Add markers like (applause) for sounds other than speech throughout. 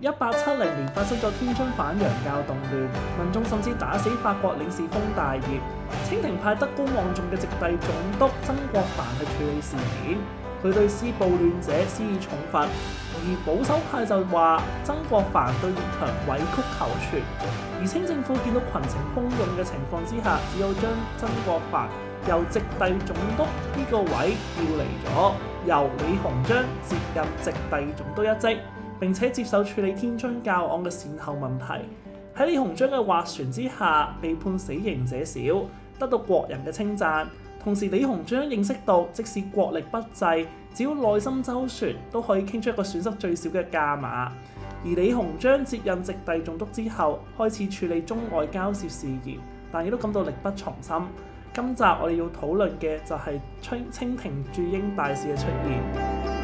一八七零年發生咗天津反洋教動亂，民眾甚至打死法國領事豐大業。清廷派德高望重嘅直隸總督曾國藩去處理事件，佢對施暴亂者施以重罰。而保守派就話曾國藩對列強委曲求全。而清政府見到群情洶湧嘅情況之下，只有將曾國藩由直隸總督呢個位調離咗，由李鴻章接任直隸總督一職。並且接受處理天津教案嘅善後問題，喺李鴻章嘅斡旋之下，被判死刑者少，得到國人嘅稱讚。同時，李鴻章認識到，即使國力不濟，只要耐心周旋，都可以傾出一個損失最少嘅價碼。而李鴻章接任直隸總督之後，開始處理中外交涉事宜，但亦都感到力不從心。今集我哋要討論嘅就係清清廷駐英大使嘅出現。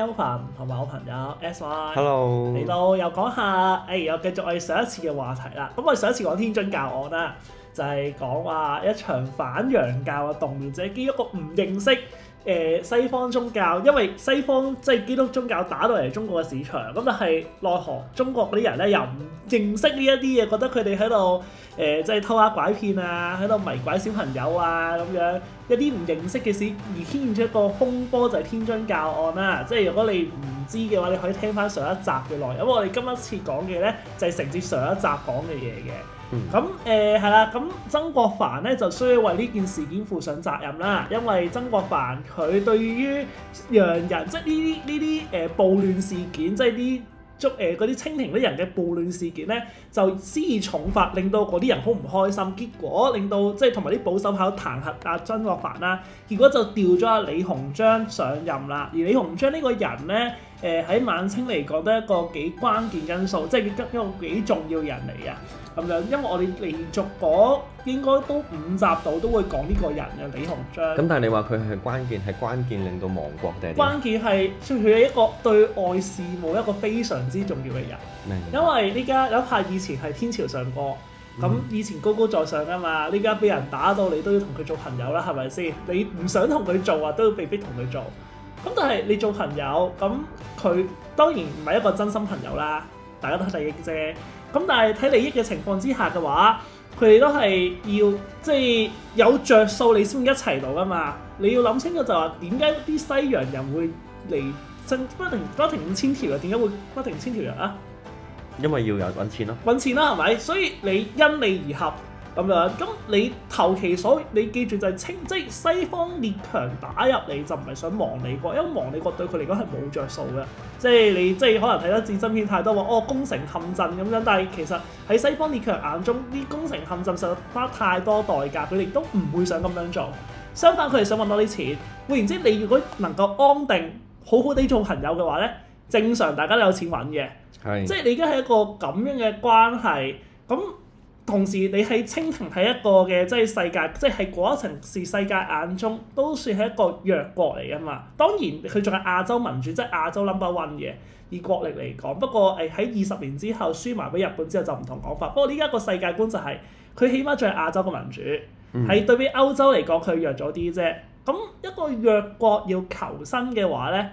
Alvin 同埋我朋友 Sy，Hello 嚟到又講下，誒又繼續我哋上一次嘅話題啦。咁我哋上一次講天津教案啦，就係講話一場反洋教嘅動亂，者，見一個唔認識。誒、呃、西方宗教，因為西方即係、就是、基督宗教打到嚟中國嘅市場，咁就係奈何中國啲人咧又唔認識呢一啲嘢，覺得佢哋喺度誒即係偷呃拐騙啊，喺度迷拐小朋友啊咁樣，有啲唔認識嘅事而牽出一個風波就係天津教案啦、啊。即係如果你唔知嘅話，你可以聽翻上一集嘅內容。咁我哋今一次講嘅咧就係承接上一集講嘅嘢嘅。咁誒係啦，咁曾國藩咧就需要為呢件事件負上責任啦，因為曾國藩佢對於洋人即係呢啲呢啲誒暴亂事件，即係啲足誒啲清廷啲人嘅暴亂事件咧，就施以重罰，令到嗰啲人好唔開心，結果令到即係同埋啲保守派彈劾阿曾國藩啦，結果就調咗阿李鴻章上任啦，而李鴻章呢個人咧。誒喺晚清嚟講都係一個幾關鍵因素，即係一個幾重要人嚟啊，咁樣，因為我哋連續講應該都五集度都會講呢個人嘅李鴻章。咁但係你話佢係關鍵，係關鍵令到亡國定係？關鍵係佢係一個對外事務一個非常之重要嘅人。明白。因為呢家有怕以前係天朝上國，咁以前高高在上噶嘛，呢家俾人打到你都要同佢做朋友啦，係咪先？你唔想同佢做啊，都要被逼同佢做。咁但係你做朋友，咁佢當然唔係一個真心朋友啦，大家都睇利益啫。咁但係睇利益嘅情況之下嘅話，佢哋都係要即係、就是、有着數，你先會一齊到噶嘛。你要諗清楚就話，點解啲西洋人會嚟不停不停五千條人啊？點解會不停五千條人啊？因為要有揾錢咯，揾錢啦係咪？所以你因利而合。咁樣，咁你頭其所你記住就係清，即係西方列強打入嚟就唔係想亡你國，因為亡你國對佢嚟講係冇着數嘅。即係你即係可能睇得戰爭片太多話哦，攻城陷陣咁樣，但係其實喺西方列強眼中，啲攻城陷陣實在花太多代價，佢哋都唔會想咁樣做。相反，佢哋想揾多啲錢。換言之，你如果能夠安定，好好地做朋友嘅話呢，正常大家都有錢揾嘅。係，即係你而家係一個咁樣嘅關係，咁。同時，你喺清廷喺一個嘅即係世界，即係喺嗰一層，是世界眼中都算係一個弱國嚟㗎嘛。當然佢仲係亞洲民主，即係亞洲 number one 嘅。以國力嚟講，不過誒喺二十年之後輸埋俾日本之後就唔同講法。不過呢家個世界觀就係、是、佢起碼仲係亞洲嘅民主，係、嗯、對比歐洲嚟講佢弱咗啲啫。咁一個弱國要求生嘅話咧？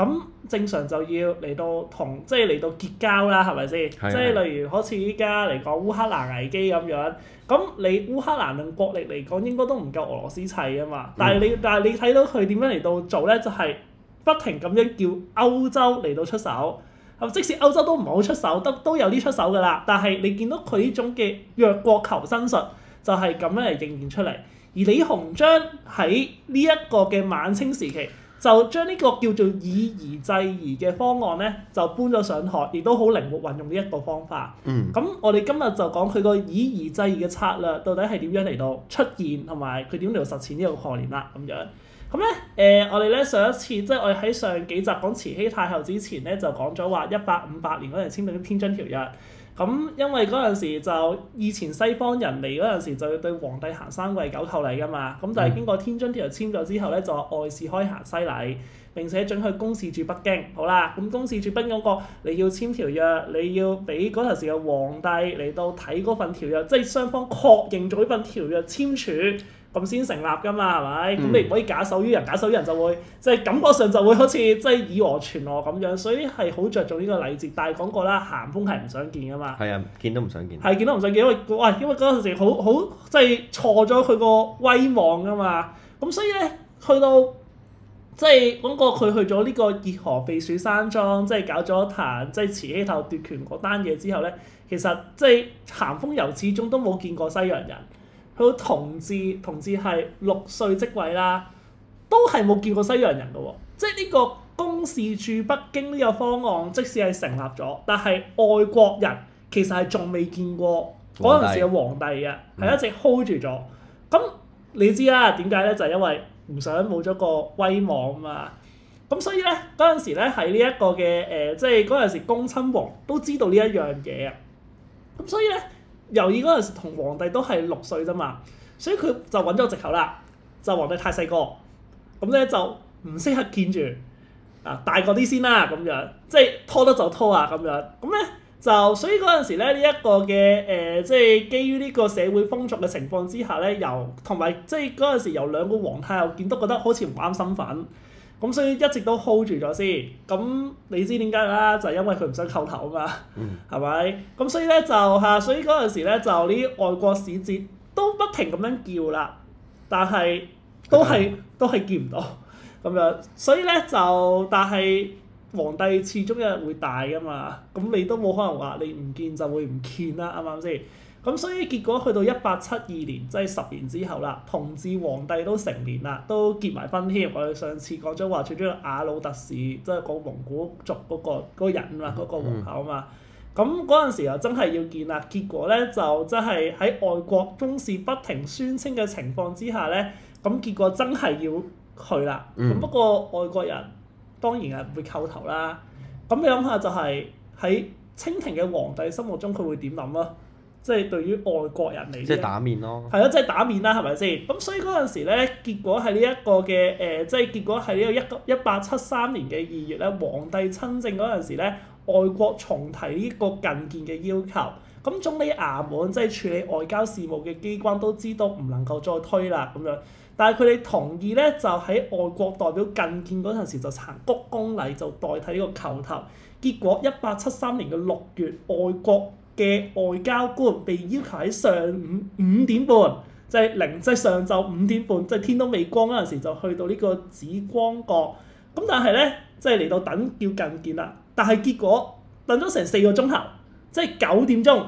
咁正常就要嚟到同即係嚟到結交啦，係咪先？ (music) 即係例如好似依家嚟講烏克蘭危機咁樣，咁你烏克蘭嘅國力嚟講應該都唔夠俄羅斯砌啊嘛。但係你、嗯、但係你睇到佢點樣嚟到做咧，就係、是、不停咁樣叫歐洲嚟到出手，係即使歐洲都唔好出手，都都有啲出手㗎喇。但係你見到佢呢種嘅弱國求生術，就係咁樣嚟呈現出嚟。而李鴻章喺呢一個嘅晚清時期。就將呢個叫做以夷制夷嘅方案呢，就搬咗上岸，亦都好靈活運用呢一個方法。咁、嗯、我哋今日就講佢個以夷制夷嘅策略到底係點樣嚟到出現，同埋佢點嚟到實踐呢個概念啦。咁樣咁、嗯、呢，誒、呃、我哋咧上一次即係我哋喺上幾集講慈禧太后之前呢，就講咗話一八五八年嗰陣簽訂《天津條約》。咁、嗯、因為嗰陣時就以前西方人嚟嗰陣時就要對皇帝行三跪九叩禮㗎嘛，咁但係經過天津條約簽咗之後咧，就外事開行西禮，並且準去公示住北京，好啦，咁、嗯、公示住北京嗰、那個你要簽條約，你要俾嗰陣時嘅皇帝嚟到睇嗰份條約，即係雙方確認咗呢份條約簽署。咁先成立噶嘛，係咪？咁、嗯、你唔可以假手於人，假手於人就會即係、就是、感覺上就會好似即係以訛傳訛咁樣，所以係好着重呢個禮節。但係講過啦，鹹豐係唔想見噶嘛。係啊，見都唔想見。係見都唔想見，因為喂，因為嗰陣時好好即係、就是、錯咗佢個威望噶嘛。咁所以咧，去到即係講過佢去咗呢個熱河避暑山莊，即、就、係、是、搞咗一壇即係、就是、慈禧太后奪權嗰單嘢之後咧，其實即係、就是、鹹豐由始終都冇見過西洋人。到同治，同治係六歲即位啦，都係冇見過西洋人噶喎、喔，即係呢個公使駐北京呢個方案，即使係成立咗，但係外國人其實係仲未見過嗰陣時嘅皇帝嘅，係看一直 hold 住咗。咁、嗯、你知啦，點解咧？就係、是、因為唔想冇咗個威望啊嘛。咁所以咧，嗰陣時咧喺呢一個嘅誒，即係嗰陣時，恭親王都知道呢一樣嘢啊。咁所以咧。由於嗰陣時同皇帝都係六歲啫嘛，所以佢就揾咗藉口啦，就皇帝太細個，咁咧就唔適合見住，啊大個啲先啦咁樣，即係拖得就拖啊咁樣，咁咧就所以嗰陣時咧呢一個嘅誒，即係基於呢個社會風俗嘅情況之下咧，由同埋即係嗰陣時由兩個皇太后見都覺得好似唔啱身份。咁所以一直都 hold 住咗先，咁你知點解啦？就係、是、因為佢唔想叩頭啊嘛，係咪、嗯？咁所以咧就嚇，所以嗰陣時咧就呢啲外國使節都不停咁樣叫啦，但係都係、嗯、都係見唔到咁樣，所以咧就但係皇帝始終一日會大噶嘛，咁你都冇可能話你唔見就會唔見啦，啱唔啱先？咁所以結果去到一八七二年，即係十年之後啦。同治皇帝都成年啦，都結埋婚添。我哋上次講咗話，除咗阿魯特氏，即係個蒙古族嗰個人啊，嗰個皇后啊嘛。咁嗰陣時候真係要見啦。結果咧就真係喺外國宗氏不停宣稱嘅情況之下咧，咁結果真係要去啦。咁不過外國人當然係唔會叩頭啦。咁你諗下就係喺清廷嘅皇帝心目中，佢會點諗囉？即係對於外國人嚟，即係打面咯。係咯、啊，即、就、係、是、打面啦，係咪先？咁所以嗰陣時咧，結果係呢一個嘅誒、呃，即係結果係呢個一一八七三年嘅二月咧，皇帝親政嗰陣時咧，外國重提呢個覲見嘅要求。咁總理衙門即係、就是、處理外交事務嘅機關都知道唔能夠再推啦咁樣。但係佢哋同意咧，就喺外國代表覲見嗰陣時就行鞠躬禮，就代替呢個叩頭。結果一八七三年嘅六月，外國嘅外交官被要求喺上，、即係即係、上午五點半，即係凌晨即係上晝五點半，即係天都未光嗰陣時就去到呢個紫光閣。咁但係呢，即係嚟到等叫覲見啦。但係結果等咗成四個鐘頭，即係九點鐘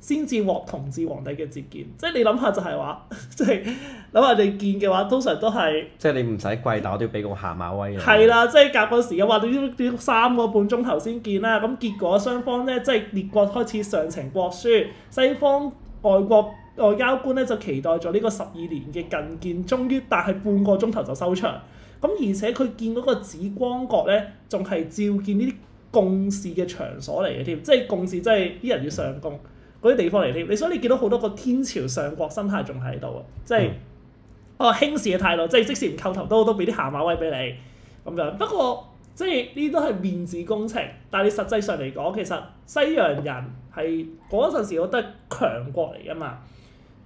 先至獲同治皇帝嘅接見。即係你諗下就係話，即係。 (laughs) 諗下你見嘅話，通常都係即係你唔使跪，但我都要俾個下馬威啊！係啦，即係夾個時間話要要三個半鐘頭先見啦。咁結果雙方咧，即係列國開始上呈國書，西方外國外交官咧就期待咗呢個十二年嘅近見，終於但係半個鐘頭就收場。咁而且佢見嗰個紫光閣咧，仲係照見呢啲共事嘅場所嚟嘅添，即係共事即係啲人要上供嗰啲地方嚟添。所以你見到好多個天朝上國生態仲喺度啊！即係。嗯我、哦、輕視嘅態度，即係即使唔叩頭，都都俾啲下馬威俾你咁樣。不過即係呢啲都係面子工程，但係你實際上嚟講，其實西洋人係嗰陣時我覺得係強國嚟㗎嘛。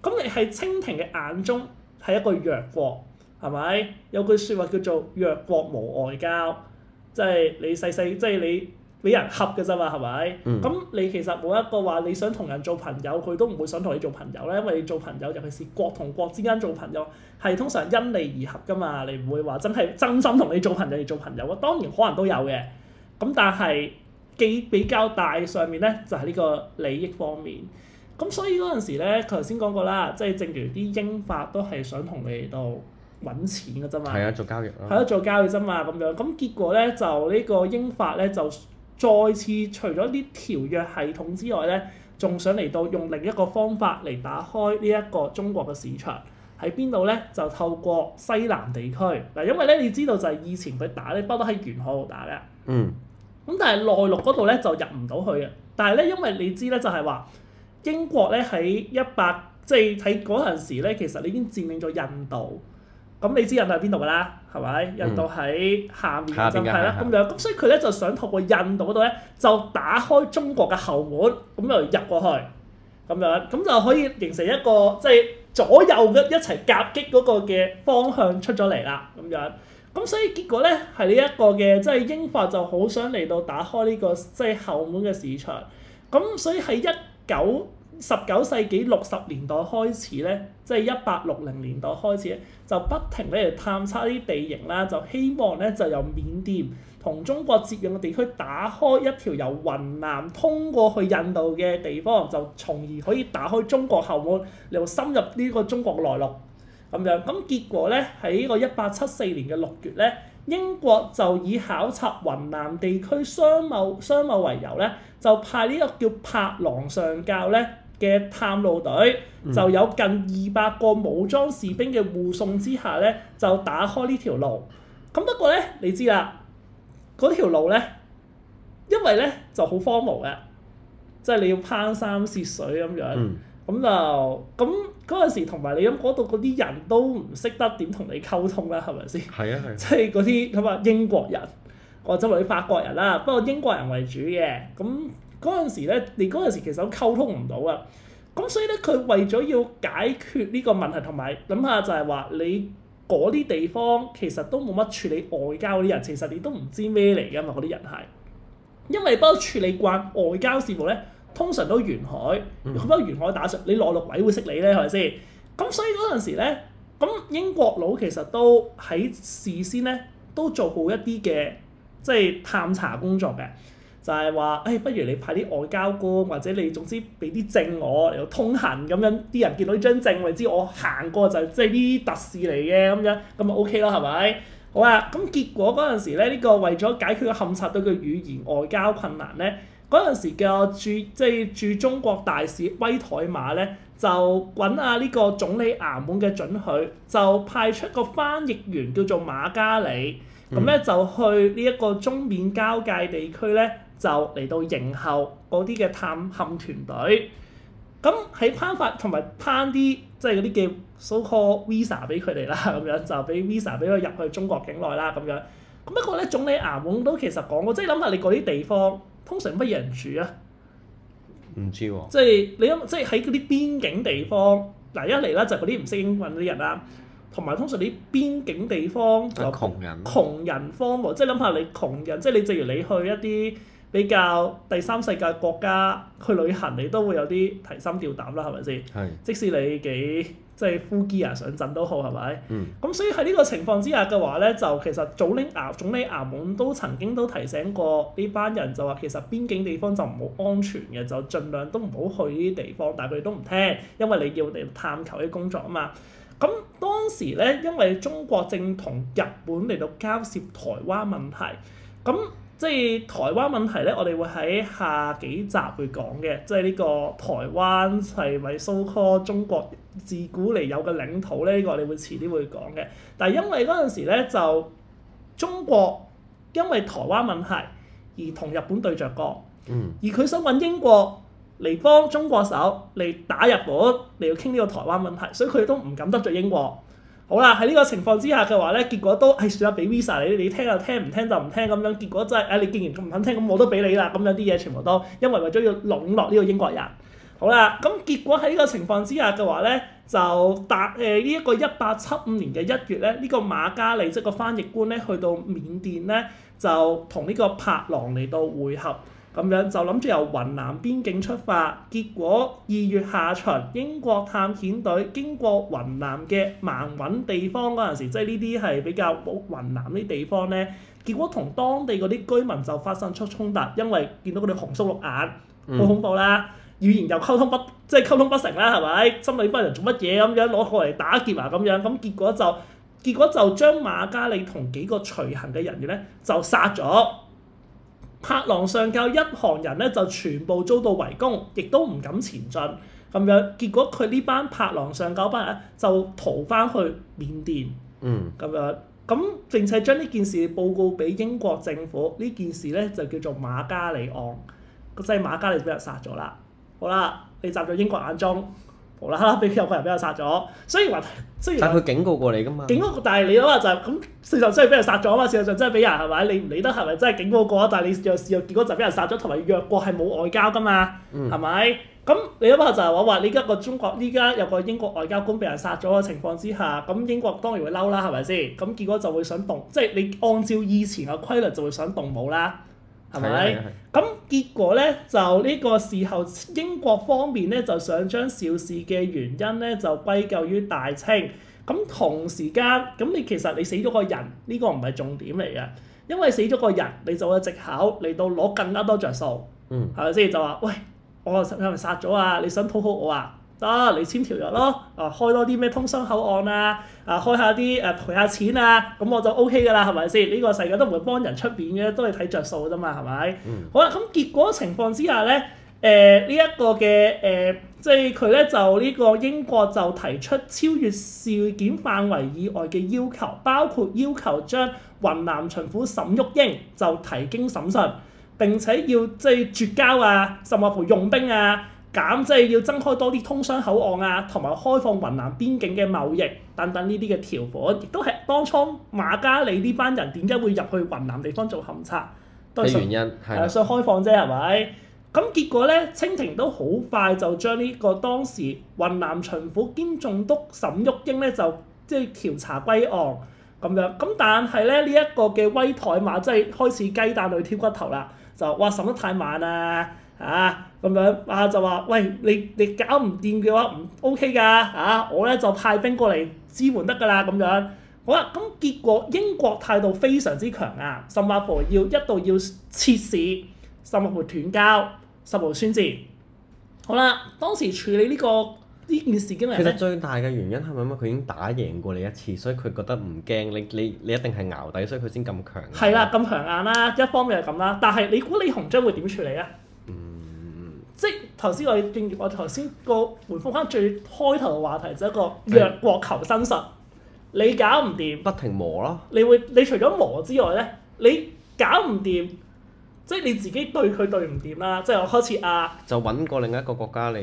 咁你喺清廷嘅眼中係一個弱國，係咪？有句説話叫做弱國無外交，即係你細細，即係你。俾人恰嘅啫嘛，係咪？咁、嗯、你其實冇一個話你想同人做朋友，佢都唔會想同你做朋友咧，因為你做朋友，尤其是國同國之間做朋友，係通常因利而合噶嘛，你唔會話真係真心同你做朋友而做朋友啊。當然可能都有嘅，咁但係幾比較大上面咧就係、是、呢個利益方面。咁所以嗰陣時咧，佢頭先講過啦，即係正如啲英法都係想同你度揾錢嘅啫嘛。係啊，做交易。係咯、啊，做交易啫嘛，咁樣咁結果咧就呢個英法咧就。再次除咗啲條約系統之外咧，仲想嚟到用另一個方法嚟打開呢一個中國嘅市場喺邊度咧？就透過西南地區嗱，因為咧你知道就係以前佢打咧，包都喺沿海度打嘅。嗯。咁但係內陸嗰度咧就入唔到去啊！但係咧，因為你知咧就係話英國咧喺一百，即係喺嗰陣時咧，其實你已經佔領咗印度。咁、嗯、你知印度係邊度㗎啦？係咪印度喺下面、嗯？係啦、就是，咁樣咁所以佢咧就想透過印度嗰度咧就打開中國嘅後門，咁又入過去咁樣，咁就可以形成一個即係、就是、左右嘅一齊夾擊嗰個嘅方向出咗嚟啦。咁樣咁所以結果咧係呢一個嘅即係英法就好想嚟到打開呢、呢個即係、就是、後門嘅市場。咁所以喺一九十九世紀六十年代開始咧，即係一八六零年代開始咧，就不停咧嚟探測啲地形啦，就希望咧就由緬甸同中國接壤嘅地區打開一條由雲南通過去印度嘅地方，就從而可以打開中國後門嚟到深入呢個中國內陸。咁樣咁結果咧喺呢個一八七四年嘅六月咧，英國就以考察雲南地區商貿商貿為由咧，就派呢個叫柏郎上校咧。嘅探路隊、嗯、就有近二百個武裝士兵嘅護送之下咧，就打開呢條路。咁不過咧，你知啦，嗰條路咧，因為咧就好荒蕪嘅，即係你要攀山涉水咁樣。嗯。咁啊，咁嗰陣時同埋你咁嗰度嗰啲人都唔識得點同你溝通啦，係咪先？係啊係。即係嗰啲佢話英國人，或者會法國人啦，不過英國人為主嘅咁。嗰陣時咧，你嗰陣時其實都溝通唔到啊，咁所以咧，佢為咗要解決呢個問題同埋諗下就係話，你嗰啲地方其實都冇乜處理外交嗰啲人，其實你都唔知咩嚟㗎嘛，嗰啲人係，因為不處理慣外交事務咧，通常都沿海，好多、嗯、沿海打仗，你內陸鬼會識你咧，係咪先？咁所以嗰陣時咧，咁英國佬其實都喺事先咧都做好一啲嘅即係探查工作嘅。就係話，誒、哎，不如你派啲外交官，或者你總之俾啲證我嚟到通行咁樣，啲人見到呢張證，我知我行過就即係啲特使嚟嘅咁樣，咁就 O K 啦，係咪？好啊，咁結果嗰陣時咧，呢、這個為咗解決個勘察隊嘅語言外交困難咧，嗰陣時嘅駐即係駐中國大使威台馬咧，就揾啊呢個總理衙門嘅准許，就派出個翻譯員叫做馬加里，咁咧、嗯、就去呢一個中緬交界地區咧。就嚟到營後嗰啲嘅探勘團隊，咁喺攀法同埋攀啲，即係嗰啲叫 so called visa 俾佢哋啦，咁樣就俾 visa 俾佢入去中國境內啦，咁樣。咁不過咧，總理衙門都其實講過，即係諗下你嗰啲地方，通常乜嘢人住啊？唔知喎、啊。即係你諗即係喺嗰啲邊境地方，嗱、啊、一嚟咧就嗰啲唔識英文啲人啦，同埋通常啲邊境地方有窮人、啊，窮人方喎，即係諗下你窮人，即係你正如你去一啲。比較第三世界國家去旅行，你都會有啲提心吊膽啦，係咪先？係。即使你幾即係富饒上陣都好，係咪？咁、嗯、所以喺呢個情況之下嘅話呢，就其實總理衙總理衙門都曾經都提醒過呢班人，就話其實邊境地方就唔好安全嘅，就盡量都唔好去呢啲地方。但係佢哋都唔聽，因為你要嚟探求啲工作啊嘛。咁當時呢，因為中國正同日本嚟到交涉台灣問題，咁。即係台灣問題咧，我哋會喺下幾集會講嘅，即係呢個台灣係咪蘇科中國自古嚟有嘅領土咧？呢、這個我哋會遲啲會講嘅。但係因為嗰陣時咧就中國因為台灣問題而同日本對着過，嗯、而佢想揾英國嚟幫中國手嚟打日本嚟要傾呢個台灣問題，所以佢都唔敢得罪英國。好啦，喺呢個情況之下嘅話咧，結果都誒、哎、算啦，俾 Visa 你，你聽，聽，聽就聽，唔聽就唔聽咁樣。結果真、就、係、是，誒、哎、你既然唔肯聽，咁我都俾你啦。咁樣啲嘢全部都，因為為咗要籠絡呢個英國人。好啦，咁、嗯、結果喺呢個情況之下嘅話咧，就達誒、呃這個、呢一個一八七五年嘅一月咧，呢、這個馬加利即係個翻譯官咧，去到緬甸咧，就同呢個柏郎嚟到會合。咁樣就諗住由雲南邊境出發，結果二月下旬英國探險隊經過雲南嘅盲穩地方嗰陣時，即係呢啲係比較冇雲南啲地方呢。結果同當地嗰啲居民就發生出衝突，因為見到佢哋紅鬚綠眼，好恐怖啦！語言又溝通不，即係溝通不成啦，係咪？心裏邊人做乜嘢咁樣攞過嚟打劫啊咁樣？咁結果就結果就將馬嘉里同幾個隨行嘅人員呢，就殺咗。帕郎上教一行人咧就全部遭到圍攻，亦都唔敢前進咁樣。結果佢呢班帕郎上教班人就逃翻去緬甸，嗯、咁樣咁並且將呢件事報告俾英國政府。呢件事咧就叫做馬加里案，個即係馬加里俾人殺咗啦。好啦，你集咗英國眼中。無啦啦俾有個人俾人殺咗，所以話雖然，雖然，雖然但係佢警告過你噶嘛，警告過但係你諗下就咁，是，事實真係俾人殺咗啊嘛，事實上真係俾人係咪？你唔理得係咪真係警告過啊？但係你又試又結果就俾人殺咗，同埋弱國係冇外交噶嘛，係咪？咁，嗯、你諗下就係話話你而家個中國依家有個英國外交官俾人殺咗嘅情況之下，咁英國當然會嬲啦，係咪先？咁結果就會想動，即係你按照以前嘅規律就會想動武啦。係咪？咁是結果咧，就呢個時候英國方面咧，就想將肇事嘅原因咧，就歸咎於大清。咁同時間，咁你其實你死咗個人，呢、這個唔係重點嚟嘅，因為死咗個人，你就有藉口嚟到攞更加多着數。嗯。係咪先？就話喂，我係咪殺咗啊？你想討好我啊？得、啊，你簽條約咯，啊開多啲咩通商口岸啊，啊開一下啲誒、呃、賠下錢啊，咁我就 O K 噶啦，係咪先？呢、呢個世界都唔會幫人出面嘅，都係睇着數啫嘛，係咪？嗯、好啦，咁結果情況之下咧，誒呢一個嘅誒、呃，即係佢咧就呢個英國就提出超越事件範圍以外嘅要求，包括要求將雲南巡撫沈玉英就提經審訊，並且要即係絕交啊，甚或乎用兵啊。減即係要增開多啲通商口岸啊，同埋開放雲南邊境嘅貿易等等呢啲嘅條款，亦都係當初馬嘉理呢班人點解會入去雲南地方做勘察嘅原因，係想開放啫，係咪？咁、嗯、結果咧，清廷都好快就將呢個當時雲南巡撫兼總督岑毓英咧，就即係調查歸案咁樣。咁但係咧，呢、這、一個嘅威妥瑪即係開始雞蛋裏挑骨頭啦，就哇審得太慢啊！啊，咁樣啊就話喂，你你搞唔掂嘅話唔 OK 㗎，啊我呢就派兵過嚟支援得㗎啦咁樣。好啦，咁結果英國態度非常之強硬，甚或乎要一度要撤市，甚或乎斷交，甚或宣戰。好啦，當時處理呢、呢個呢件事嘅其實最大嘅原因係咪因為佢已經打贏過你一次，所以佢覺得唔驚？你你你一定係淆底，所以佢先咁強。係啦，咁強硬啦、啊啊，一方面係咁啦。但係你估李鴻章會點處理咧？.即係頭先我要轉，我頭先個回覆翻最開頭嘅話題，就一個弱國求生術，你搞唔掂，不停磨咯。你會你除咗磨之外咧，你搞唔掂，即係你自己對佢對唔掂啦。即係我開始啊，就揾過另一個國家你，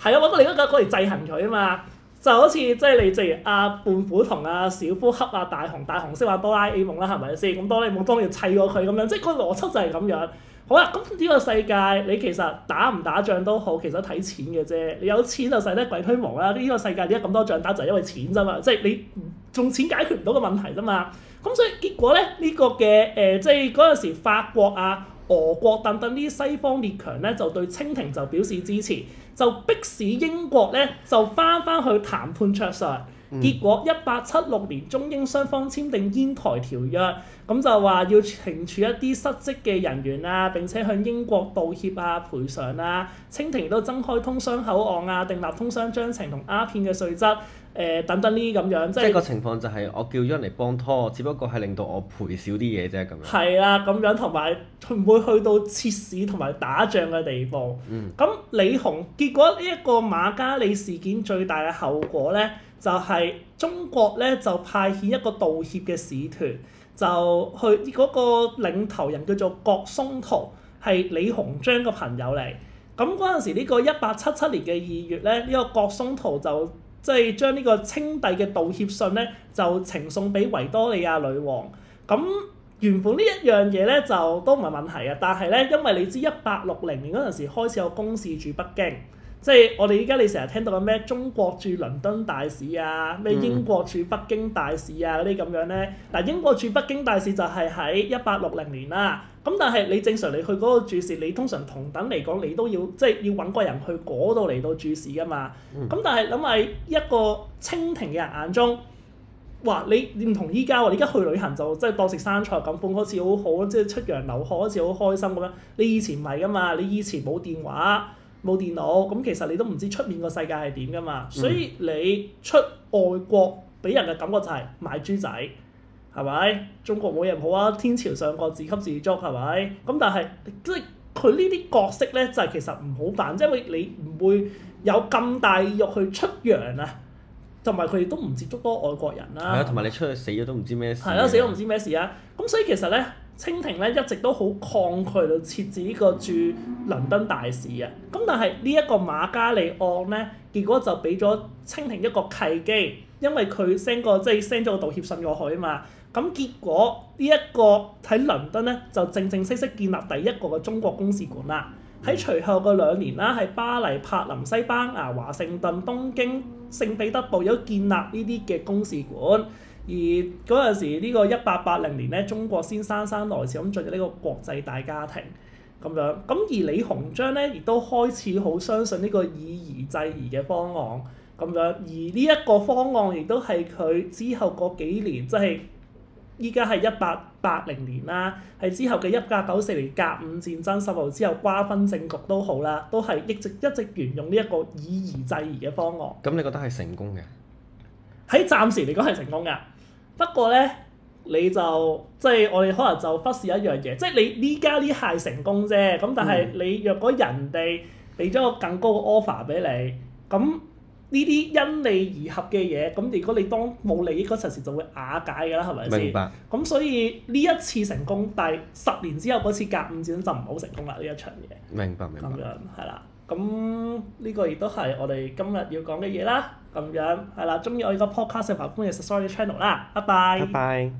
係啊，揾過另一個國家嚟制衡佢啊嘛。就好似即係你、啊啊啊啊啊、你，就如阿胖虎同阿小夫恰阿大雄，大雄識玩哆啦 A 夢啦，係咪先？咁哆啦 A 夢當年砌過佢咁樣，即係個邏輯就係咁樣。好啦，咁呢個世界你其實打唔打仗都好，其實睇錢嘅啫。你有錢就使得鬼推磨啦！呢、這個世界點解咁多仗打就係因為錢啫嘛，即係你用錢解決唔到嘅問題啫嘛。咁所以結果咧，呢、這個嘅誒、呃，即係嗰陣時法國啊、俄國等等呢啲西方列強咧，就對清廷就表示支持，就迫使英國咧就翻翻去談判桌上。嗯、結果一八七六年中英雙方簽訂《煙台條約》，咁就話要懲處一啲失職嘅人員啊，並且向英國道歉啊、賠償啊，清廷都增開通商口岸啊，訂立通商章程同鴉片嘅稅則。誒、呃、等等呢啲咁樣，即係個情況就係我叫咗人嚟幫拖，只不過係令到我賠少啲嘢啫咁樣。係啦、啊，咁樣同埋佢唔會去到設市同埋打仗嘅地方。嗯。咁李鴻結果呢一個馬嘉理事件最大嘅後果咧，就係、是、中國咧就派遣一個道歉嘅使團，就去嗰個領頭人叫做郭嵩燾，係李鴻章嘅朋友嚟。咁嗰陣時個呢個一八七七年嘅二月咧，呢、這個郭嵩燾就即係將呢個清帝嘅道歉信咧，就呈送俾維多利亞女王。咁、嗯、原本呢一樣嘢咧就都唔係問題啊，但係咧因為你知一八六零年嗰陣時開始有公使住北京。即係我哋依家你成日聽到嘅咩中國駐倫敦大使啊，咩英國駐北京大使啊嗰啲咁樣咧。嗱，英國駐北京大使就係喺一八六零年啦。咁但係你正常你去嗰個駐事，你通常同等嚟講，你都要即係要揾個人去嗰度嚟到駐事噶嘛。咁、嗯、但係諗喺一個清廷嘅人眼中，話你唔同依家你依家去旅行就即係當食生菜咁，伴好似好好即係出洋留學嗰次好似好開心咁樣。你以前唔係噶嘛，你以前冇電話。冇電腦，咁其實你都唔知出面個世界係點㗎嘛，所以你出外國，俾人嘅感覺就係賣豬仔，係咪？中國冇人好啊，天朝上國自給自足係咪？咁但係即係佢呢啲角色咧，就係、是、其實唔好扮，即係你唔會有咁大慾去出洋啊，同埋佢哋都唔接觸多外國人啦。係啊，同埋、啊、吧你出去死咗都唔知咩事、啊。係啊，死咗都唔知咩事啊，咁所以其實咧。清廷咧一直都好抗拒去設置呢個駐倫敦大使啊，咁但係呢一個馬加利案呢，結果就俾咗清廷一個契機，因為佢 send 個即係 send 咗個道歉信過去啊嘛，咁結果呢一個喺倫敦呢，就正正式式建立第一個嘅中國公使館啦，喺隨後嘅兩年啦，喺巴黎、柏林、西班牙、華盛頓、東京、聖彼得堡有建立呢啲嘅公使館。而嗰陣時個呢個一八八零年咧，中國先姍姍來遲咁進入呢個國際大家庭咁樣。咁而李鴻章咧，亦都開始好相信呢個以夷制夷嘅方案咁樣。而呢一個方案亦都係佢之後嗰幾年，即係依家係一八八零年啦，係之後嘅一八九四年甲午戰爭失敗之後瓜分政局都好啦，都係一直一直沿用呢一個以夷制夷嘅方案。咁你覺得係成功嘅？喺暫時嚟講係成功㗎，不過咧你就即係我哋可能就忽視一樣嘢，即係你呢家呢係成功啫。咁但係你若果人哋俾咗個更高嘅 offer 俾你，咁呢啲因利而合嘅嘢，咁如果你當冇利益嗰陣時就會瓦解㗎啦，係咪先？明白。咁所以呢一次成功，但係十年之後嗰次甲午戰就唔好成功啦，呢一場嘢。明白，明白。咁樣，係啦。咁呢、嗯呢個亦都係我哋今日要講嘅嘢啦。咁樣係啦，中意我呢個 podcast 嘅朋友歡迎 subscribe channel 啦。拜拜。拜拜 (noise)